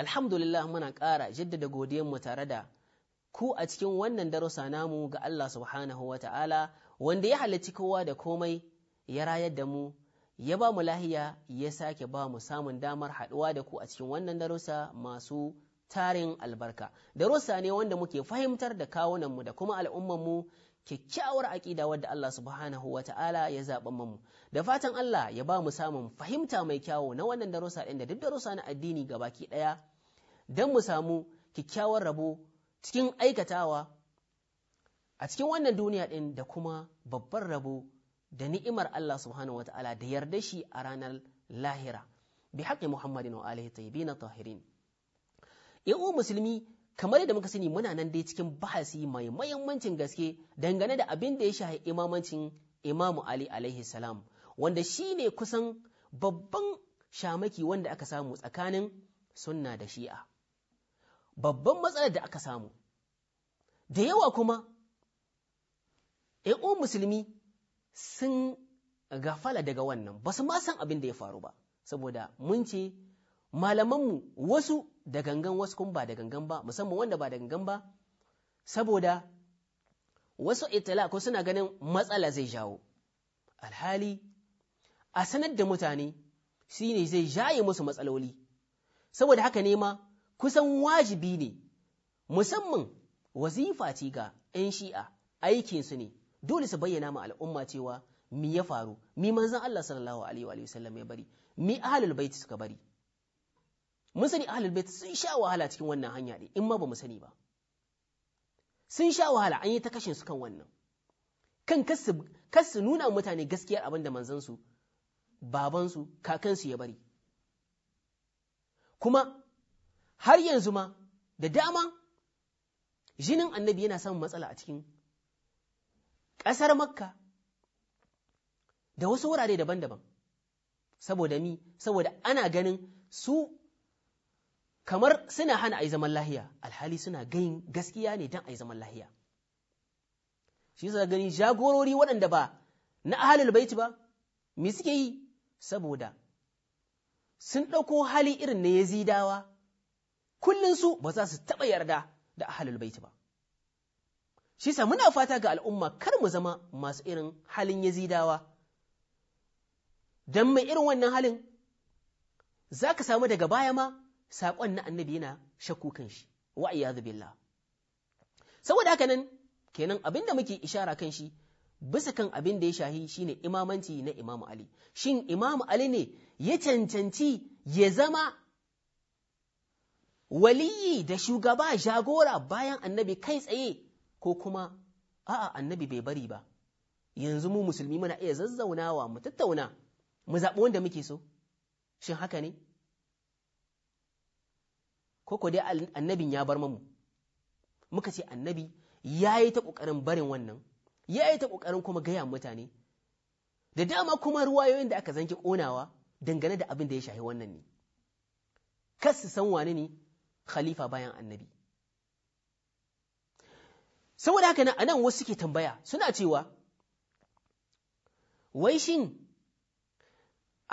alhamdulillah muna ƙara jaddada mu tare da ku a cikin wannan darussa namu ga Allah subhanahu wa ta'ala wanda ya halarci kowa da komai ya rayar da mu ya ba mu lahiya ya sake ba mu samun damar haɗuwa da ku a cikin wannan darussa masu tarin albarka darussa ne wanda muke fahimtar da kawunanmu da kuma al'ummanmu kyakkyawar aƙida wadda Allah subhanahu wa ta'ala ya zaɓa mu da fatan Allah ya ba mu samun fahimta mai kyawu na wannan darussa ɗin da duk darussa na addini gabaki ɗaya don mu samu kyakkyawar rabo cikin aikatawa a cikin wannan duniya ɗin da kuma babban rabo da ni'imar Allah subhanahu wa ta'ala da yarda shi a ranar lahira bi haƙƙi Muhammadin wa alihi tayyibin tahirin yau musulmi kamar yadda muka sani muna nan dai cikin bahasi mai mahimmancin gaske dangane da abin da ya shahi imamancin Imamu Ali alaihi salam wanda shi ne kusan babban shamaki wanda aka samu tsakanin sunna da shi'a babban matsalar da aka samu da yawa kuma ‘yan’un musulmi sun gafala daga wannan ba su ma san abin da ya faru ba saboda mun ce malamanmu wasu da gangan wasu kun ba da gangan ba musamman wanda ba da gangan ba saboda wasu itala ko suna ganin matsala zai jawo alhali a sanar da mutane shi ne zai jaye musu matsaloli saboda haka ne ma kusan wajibi ne, musamman wazifa ce ga ‘yan shi'a aikinsu ne, dole su bayyana ma al'umma cewa mi ya faru, mi manzan Allah sallallahu Alaihi wa sallam ya bari, mi ahalul baiti suka bari. Mun sani ahalul baiti sun sha wahala cikin wannan hanya ne, in ma ba mu sani ba. Sun sha wahala an yi ta kashin su kan wannan. Kan kasu su nuna mutane gaskiyar abin da manzansu, babansu, kakansu ya bari. Kuma har yanzu ma da dama jinin annabi yana samun matsala a cikin ƙasar makka da wasu wurare daban-daban saboda mi saboda ana ganin su kamar suna hana a yi zaman lahiya alhali suna gayin gaskiya ne don a yi zaman lahiya shi yasa gani jagorori waɗanda ba na ahalul baiti ba me suke yi saboda sun ɗauko hali irin na yazidawa kullun su ba za su taɓa yarda da ahalul baiti ba shi sa muna fata ga al'umma kar mu zama masu irin halin yazidawa don mai irin wannan halin za ka samu daga baya ma saƙon na annabi yana shakkukan shi wa billah saboda haka nan kenan abin da muke ishara kan shi bisa kan abin da ya shahi shine imamanci na imamu ali shin imamu ali ne ya cancanci ya zama waliyi da shugaba jagora bayan annabi kai tsaye ko kuma a'a annabi bai bari ba yanzu mu musulmi muna iya zazzaunawa mu tattauna mu zaɓi wanda muke so shin haka ne ko ko dai annabin ya bar mamu muka ce annabi ya yi ta ƙoƙarin barin wannan ya yi ta ƙoƙarin kuma gaya mutane da dama kuma ruwayoyin da aka zanki ƙonawa dangane da abin da ya shahi wannan ne kas su san wani ne khalifa bayan annabi saboda haka nan anan wasu ke tambaya suna cewa wai shin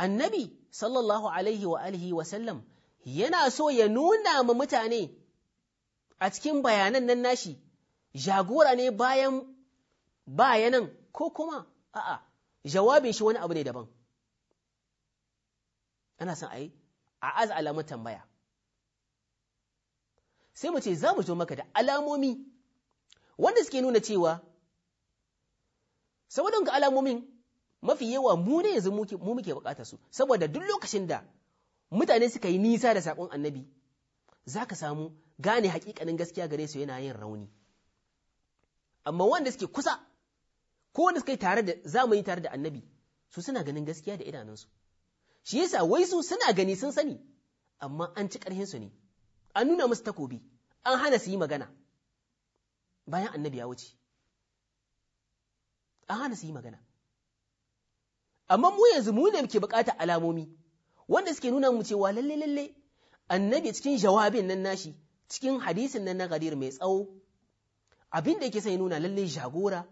annabi sallallahu alaihi wa alihi wa sallam yana so ya nuna ma mutane a cikin bayanan nan nashi jagora ne bayan bayanan ko kuma a'a jawabin shi wani abu ne daban ana son a yi a az alamun tambaya sai mu ce za mu zo maka da alamomi wanda suke nuna cewa saboda ga alamomin mafi yawa mu ne yanzu mu muke bukata su saboda duk lokacin da mutane suka yi nisa da sakon annabi za ka samu gane hakikanin gaskiya gare su yana yin rauni amma wanda suke kusa ko wanda suka yi tare da zamani tare da annabi su suna ganin gaskiya da idanunsu shi yasa wai su suna gani sun sani amma an ci ƙarhinsu ne an nuna musu takobi an hana su yi magana bayan annabi ya wuce an hana su yi magana amma mu yanzu mu ne muke bukatar alamomi wanda suke nuna mu cewa lalle lalle annabi cikin jawabin nan nashi cikin hadisin nan na gadir mai tsawo abin da yake son ya nuna lalle jagora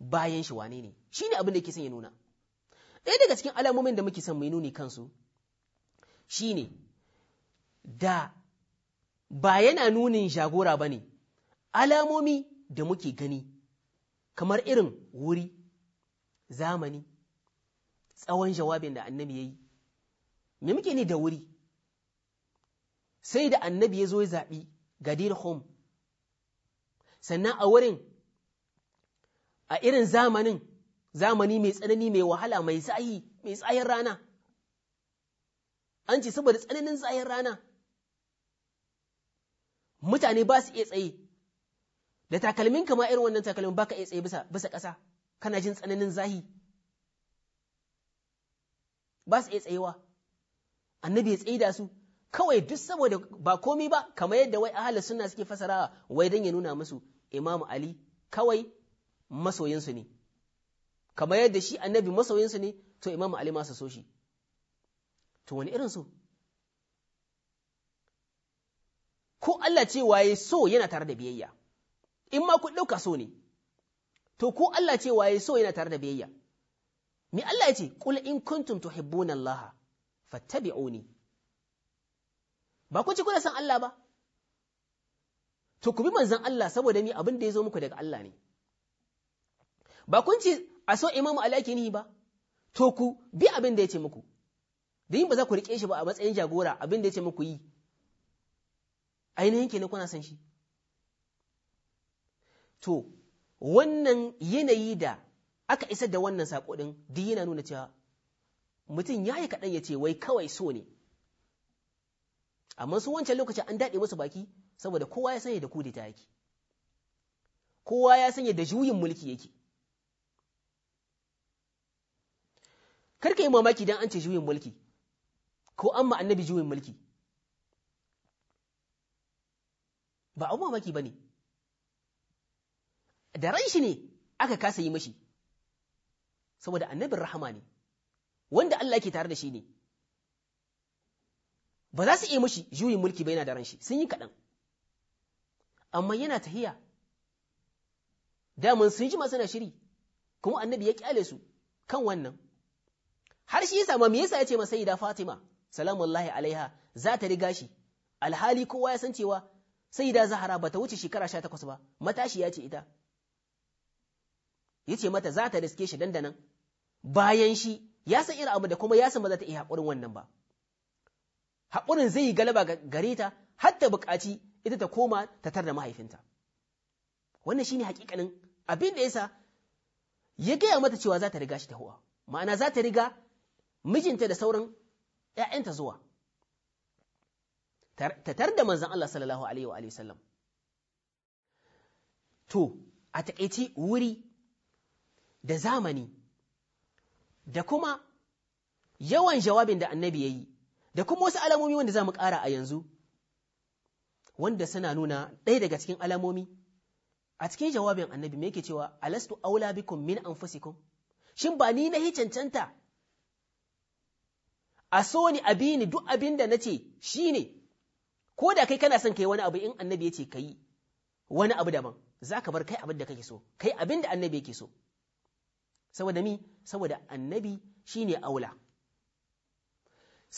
bayan shi wane ne shi ne abin da yake son ya nuna ɗaya daga cikin alamomin da muke son mai nuni kansu shine da ba yana nunin jagora ba ne, alamomi da muke gani, kamar irin wuri, zamani, tsawon jawabin da annabi ya yi, me muke ne da wuri, sai da annabi ya zo ya zaɓi gadir home, sannan a wurin, a irin zamanin, zamani mai tsanani mai wahala mai tsayi, mai tsayin rana, an ce saboda tsananin tsayin rana. mutane ba su iya tsaye da takalmin kama irin wannan takalmin ba ka iya tsaye bisa ƙasa kana jin tsananin zahi ba su iya tsayewa annabi ya tsaye da su kawai duk saboda ba komi ba kama yadda wai ahalar suna suke fasarawa wai don ya nuna musu imamu ali kawai masoyinsu ne Kama yadda shi annabi masoyinsu ne to imamu ali ma so shi to wani irin su ko Allah cewa ya so yana tare da biyayya in ma ku ɗauka so ne to ko Allah cewa ya so yana tare da biyayya mi Allah ya ce qul in kuntum tuhibbuna Allah fattabi'uni ba ku ci kuna san Allah ba to ku bi manzon Allah saboda ni abin da ya zo muku daga Allah ne ba kun ci a so imamu alaki ni ba to ku bi abin da ya ce muku da yin ba za ku riƙe shi ba a matsayin jagora abin da ya ce muku yi ainihin ke ne kuna san shi to wannan yanayi da aka isar da wannan saƙo ɗin duk yana nuna cewa mutum ya yi kaɗan ya ce wai kawai so ne amma su wancan lokacin an daɗe musu baki saboda kowa ya sanya da kudita yake kowa ya sanya da juyin mulki yake karka yi mamaki don an ce juyin mulki ko an ma annabi juyin mulki ba abu mamaki ba ne da ran shi ne aka kasa yi mashi saboda annabin rahama ne wanda Allah ke tare da shi ne ba za su iya mashi juyin mulki ba yana da shi sun yi kaɗan amma yana tahiya daman sun ji masu na shiri kuma annabi ya kyale su kan wannan har shi yasa ma me yasa yace masa sayyida Fatima salamu alaiha za ta riga shi alhali kowa ya san cewa sai da zahara ba ta wuce shekara sha takwas ba matashi ya ce ita ya ce mata za ta riske shi dandanan bayan shi ya san irin abu da kuma ya san ba za ta iya haƙurin wannan ba haƙurin zai yi galaba gare ta har ta buƙaci ita ta koma ta tar da mahaifinta wannan shine haƙiƙanin abin da yasa ya gaya mata cewa za ta riga shi ta huwa ma'ana za ta riga mijinta da sauran ‘ya'yanta zuwa Tatar da manzan Allah sallallahu alaihi wa sallam to a taƙaice wuri da zamani da kuma yawan jawabin da annabi ya yi da kuma wasu alamomi wanda za mu ƙara a yanzu wanda suna nuna ɗaya daga cikin alamomi a cikin jawabin annabi me yake cewa alastu aula bikum min anfusikum shin ba ni na hi cancanta a so ni abini duk abin da nace shine ko da kai kana son kai wani abu in annabi ya ce ka yi wani abu daban za ka bar kai abin da kake so kai abin da annabi yake so saboda mi saboda annabi shine aula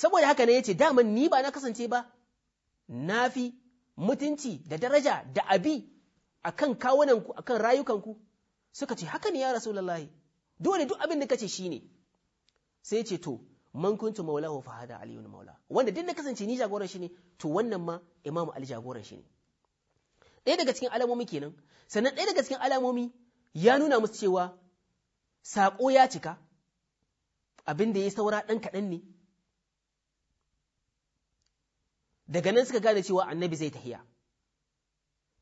saboda haka ne ya ce daman ni ba na kasance ba nafi mutunci da daraja da abi akan kawunanku akan rayukanku suka ce haka ne ya rasulullahi dole duk abin da kace shine sai ya ce to man kuntu maulahu fa hada aliyun maula wanda duk na kasance ni jagoran shi ne to wannan ma imamu ali jagoran shi ne ɗaya daga cikin alamomi kenan sannan ɗaya daga cikin alamomi ya nuna musu cewa saƙo ya cika abin da ya saura ɗan kaɗan ne daga nan suka gane cewa annabi zai tahiya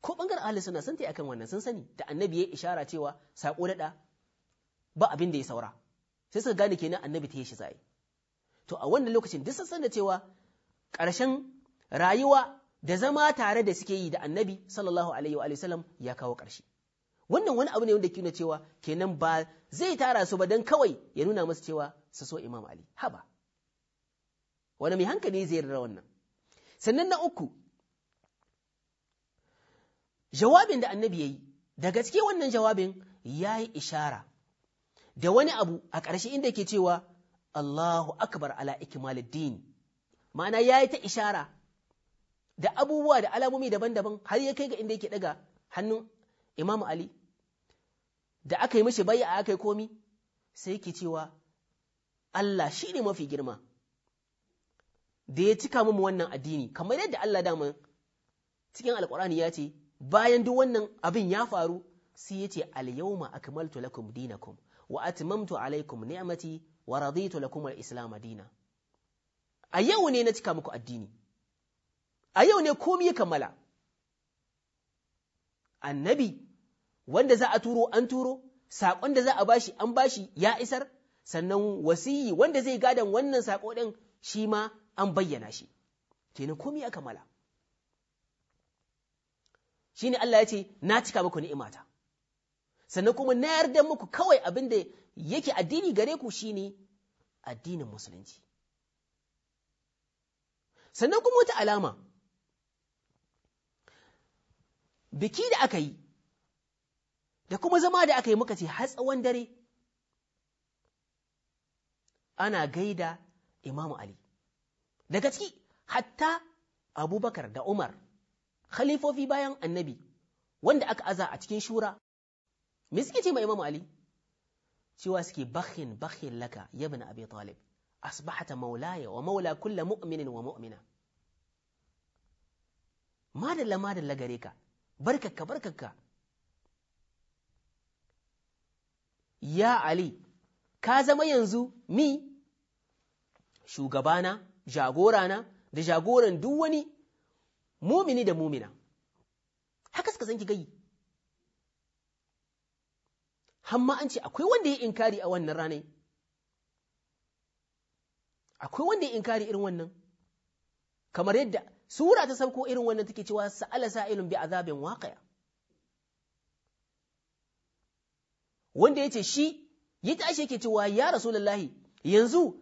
ko bangar ahli suna sun akan wannan sun sani da annabi ya ishara cewa saƙo daɗa ba abin da ya saura sai suka gane kenan annabi ta yi shi zai to a wannan lokacin duk sun da cewa ƙarshen rayuwa da zama tare da suke yi da annabi sallallahu alaihi wa sallam ya kawo ƙarshe wannan wani abu ne wanda ke nuna cewa kenan ba zai tara su ba dan kawai ya nuna musu cewa su so imam ali haba wani mai hankali zai rira wannan sannan na uku jawabin da annabi ya yi da gaske wannan jawabin ya yi ishara da wani abu a ƙarshe inda ke cewa Allahu akbar ala ikmaluddin ma'ana ya yi ta ishara da abubuwa da alamomi daban-daban har ya kai ga inda yake daga hannun Imam Ali da aka yi mishi bayya aka yi komi sai yake cewa Allah shi ne mafi girma da ya cika mu wannan addini kamar yadda Allah dama cikin alkur'ani ya ce bayan duk wannan abin ya faru sai ya ce al-yawma akmaltu lakum dinakum wa atmamtu alaykum ni'mati wa raditu lakum al-islam dina a yau ne na cika muku addini a yau ne komai ya kammala annabi wanda za a turo an turo saƙon da za a bashi an bashi ya isar sannan wasiyi wanda zai gadan wannan saƙo ɗin shi ma an bayyana shi kenan komai ya kammala shine Allah ya ce na cika muku ni'imata sannan kuma na yarda muku kawai abin da yake addini gare ku shine addinin musulunci sannan kuma wata alama biki da aka yi da kuma zama da aka yi muka ce har dare ana gaida imamu ali daga ciki hatta abubakar da umar khalifofi bayan annabi wanda aka aza a cikin shura me suke ce ma imamu ali cewa suke bakhin bakhin laka yabin abi talib asbahata maulaya wa maula kulla mu'minin wa mu'mina madalla madalla gare ka barkakka barkakka ya ali ka zama yanzu mi. shugabana jagorana da jagoran duk wani mumini da mumina haka suka san ki hamma an ce akwai wanda ya inkari a wannan ranai akwai wanda ya inkari irin wannan kamar yadda sura ta sauko irin wannan take cewa sa'ala sa'ilun bi azabin waqi'a wanda yace shi ya tashi yake cewa ya rasulullahi yanzu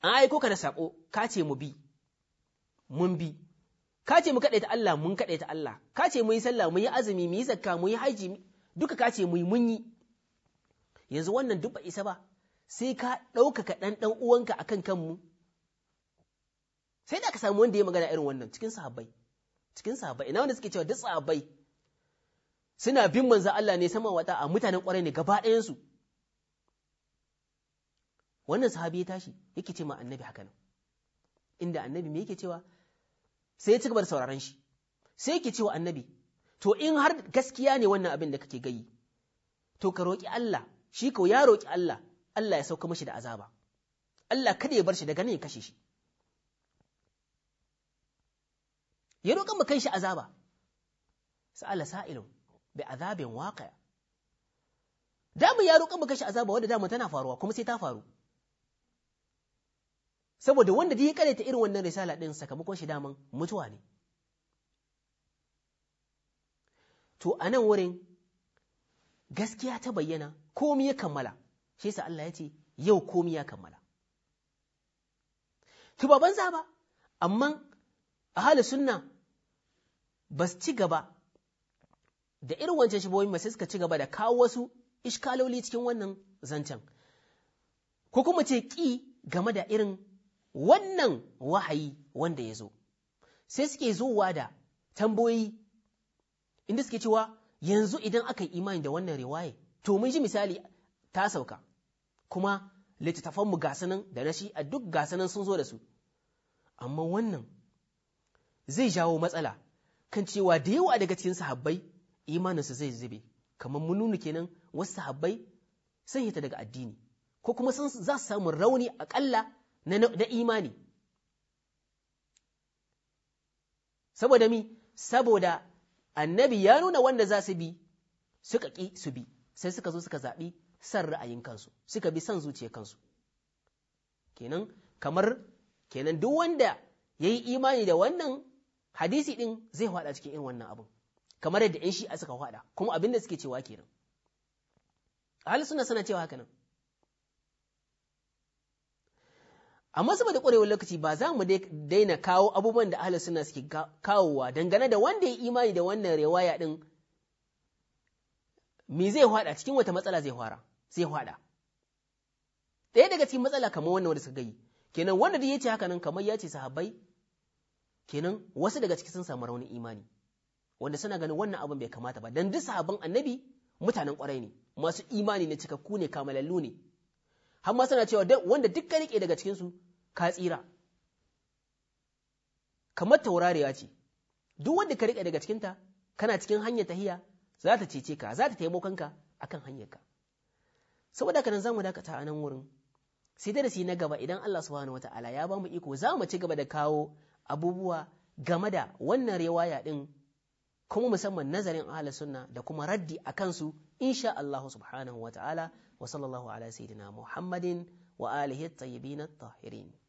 an aiko ka da sako ka ce mu bi mun bi ka ce mu kaɗaita Allah mun kaɗaita Allah ka ce mu yi sallah mu yi azumi mu yi zakka mu yi haji duka ka ce mai mun yi yanzu wannan duk ba isa ba sai ka ɗaukaka ɗan ɗan uwanka akan kanmu sai da ka samu wanda ya magana irin wannan cikin sahabbai cikin sahabbai ina wanda suke cewa duk sahabbai suna bin manzo Allah ne sama wata a mutanen ƙwarai ne gaba ɗayansu wannan sahabi ya tashi yake ce ma annabi haka nan inda annabi me yake cewa sai ya ci gaba da sauraron shi sai yake cewa annabi to in har gaskiya ne wannan abin da kake gayi to ka roƙi Allah shi ko ya roƙi Allah Allah ya sauka mashi da azaba Allah kada ya bar shi daga nan ya kashe shi ya roƙa mu kai shi azaba sa'ala sa'ilun bi azabin waqi'a damu ya roƙa mu kai shi azaba wanda damu tana faruwa kuma sai ta faru saboda wanda da ya ta irin wannan risala din sakamakon shi daman mutuwa ne to a nan wurin gaskiya ta bayyana komi ya kammala shi yasa Allah ya ce yau komi ya kammala to ba banza ba amma hali sunna ba su ci gaba da irin wancan shi ba sai suka ci gaba da kawo wasu ishkaloli cikin wannan zancen ko kuma ce ƙi game da irin wannan wahayi wanda ya zo sai suke zuwa da tamboyi inda suke cewa yanzu idan aka yi imani da wannan riwaye to mun ji misali ta sauka kuma littattafanmu gasanan da na shi a duk gasanan sun zo da su amma wannan zai jawo matsala kan cewa da yawa daga cikin sahabbai imaninsu zai zube kamar mun nuna kenan wasu sahabbai sun hita daga addini ko kuma sun za su samu rauni akalla na imani saboda mi saboda annabi ya nuna wanda za su bi suka ƙi su bi sai suka zo suka zaɓi san ra'ayin kansu suka bi san zuciya kansu kenan kamar kenan duk wanda ya yi imani da wannan hadisi ɗin zai haɗa cikin irin wannan abin kamar yadda 'yan shi'a suka haɗa kuma abin da suke cewa kenan Ali suna sana cewa haka nan amma da ƙwarewar lokaci ba za mu daina kawo abubuwan da ahlus suna suke kawowa dangane da wanda ya imani da wannan riwaya din me zai hwada cikin wata matsala zai hwara zai hwada ɗaya daga cikin matsala kamar wannan wanda suka gayi kenan wanda da ya ce haka nan kamar ya ce sahabbai kenan wasu daga cikin sun samu raunin imani wanda suna ganin wannan abin bai kamata ba dan duk sahabban annabi mutanen kwarai ne masu imani na cikakku ne kamalallu ne har ma suna cewa wanda duk ka rike daga cikinsu ka tsira kamar taurariya ce duk wanda ka rike daga cikinta kana cikin hanyar tahiya za ta cece ka za ta taimakon ka akan hanyar ka saboda haka nan zamu dakata a nan wurin sai darasi na gaba idan Allah subhanahu wataala ya ba mu iko za mu ci gaba da kawo abubuwa game da wannan riwaya din kuma musamman nazarin ahli sunna da kuma raddi a kansu insha Allah subhanahu wa ta'ala wa sallallahu ala sayyidina Muhammadin wa alihi at-tayyibin at-tahirin